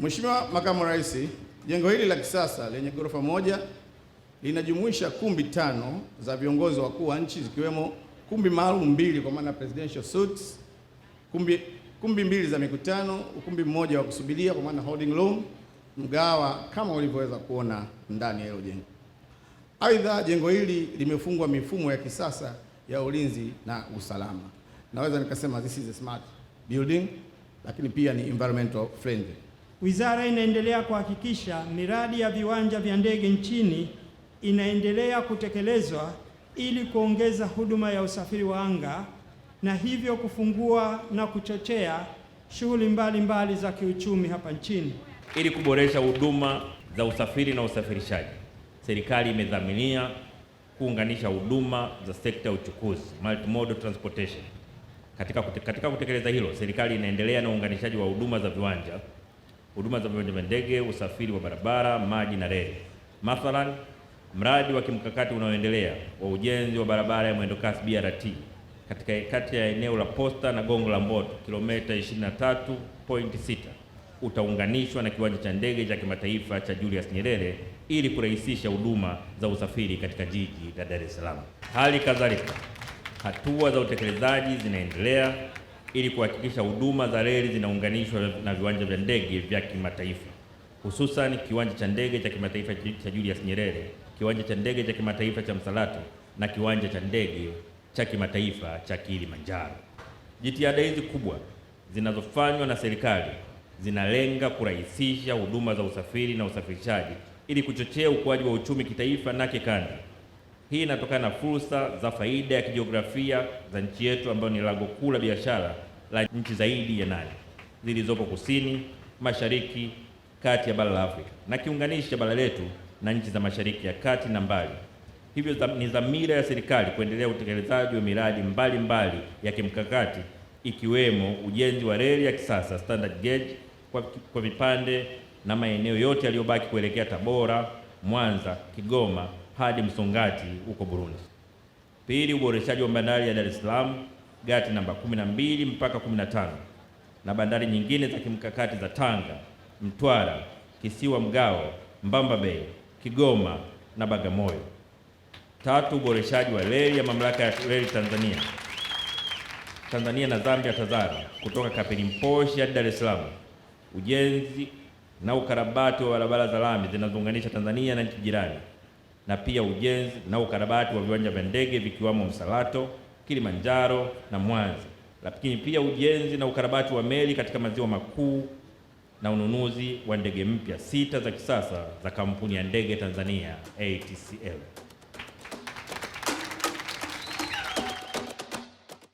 Mheshimiwa Makamu Rais, jengo hili la kisasa lenye ghorofa moja linajumuisha kumbi tano za viongozi wakuu wa nchi zikiwemo kumbi maalum mbili kwa maana presidential suites, kumbi, kumbi mbili za mikutano, ukumbi mmoja wa kusubiria kwa maana holding room, mgawa kama ulivyoweza kuona ndani ya hilo jengo. Aidha, jengo hili limefungwa mifumo ya kisasa ya ulinzi na usalama. Naweza nikasema this is a smart building, lakini pia ni environmental friendly. Wizara inaendelea kuhakikisha miradi ya viwanja vya ndege nchini inaendelea kutekelezwa ili kuongeza huduma ya usafiri wa anga na hivyo kufungua na kuchochea shughuli mbalimbali za kiuchumi hapa nchini. Ili kuboresha huduma za usafiri na usafirishaji, serikali imedhaminia kuunganisha huduma za sekta ya uchukuzi multimodal transportation. Katika, katika kutekeleza hilo, serikali inaendelea na uunganishaji wa huduma za viwanja huduma za viwanja vya ndege, usafiri wa barabara, maji na reli. Mathalan, mradi wa kimkakati unaoendelea wa ujenzi wa barabara ya mwendokasi BRT katika kati ya eneo la Posta na Gongo la Mboto kilomita 23.6 utaunganishwa na kiwanja cha ndege cha kimataifa cha Julius Nyerere ili kurahisisha huduma za usafiri katika jiji la Dar es Salaam. Hali kadhalika, hatua za utekelezaji zinaendelea ili kuhakikisha huduma za reli zinaunganishwa na viwanja vya ndege vya kimataifa hususan kiwanja cha ndege cha kimataifa cha Julius Nyerere, kiwanja cha ndege cha kimataifa cha Msalato na kiwanja cha ndege cha kimataifa cha Kilimanjaro. Jitihada hizi kubwa zinazofanywa na serikali zinalenga kurahisisha huduma za usafiri na usafirishaji ili kuchochea ukuaji wa uchumi kitaifa na kikanda. Hii inatokana na fursa za faida ya kijiografia za nchi yetu ambayo ni lango kuu la biashara la nchi zaidi ya nane zilizopo kusini, mashariki, kati ya bara la Afrika na kiunganishi cha bara letu na nchi za mashariki ya kati na mbali. Hivyo ni dhamira ya serikali kuendelea utekelezaji wa miradi mbalimbali mbali ya kimkakati ikiwemo ujenzi wa reli ya kisasa standard gauge kwa, kwa vipande na maeneo yote yaliyobaki kuelekea Tabora, Mwanza, Kigoma hadi Msongati huko Burundi. Pili, uboreshaji wa bandari ya Dar es Salaam gati namba 12 mpaka 15 na bandari nyingine za kimkakati za Tanga, Mtwara, Kisiwa Mgao, Mbamba Bay, Kigoma na Bagamoyo. Tatu, uboreshaji wa reli ya mamlaka ya reli Tanzania Tanzania na Zambia TAZARA kutoka Mposhi hadi Dar es Salaam. Ujenzi na ukarabati wa barabara za lami zinazounganisha Tanzania na nchi jirani na pia ujenzi na ukarabati wa viwanja vya ndege vikiwamo Msalato, Kilimanjaro na Mwanza, lakini pia ujenzi na ukarabati wa meli katika maziwa makuu na ununuzi wa ndege mpya sita za kisasa za kampuni ya ndege Tanzania ATCL.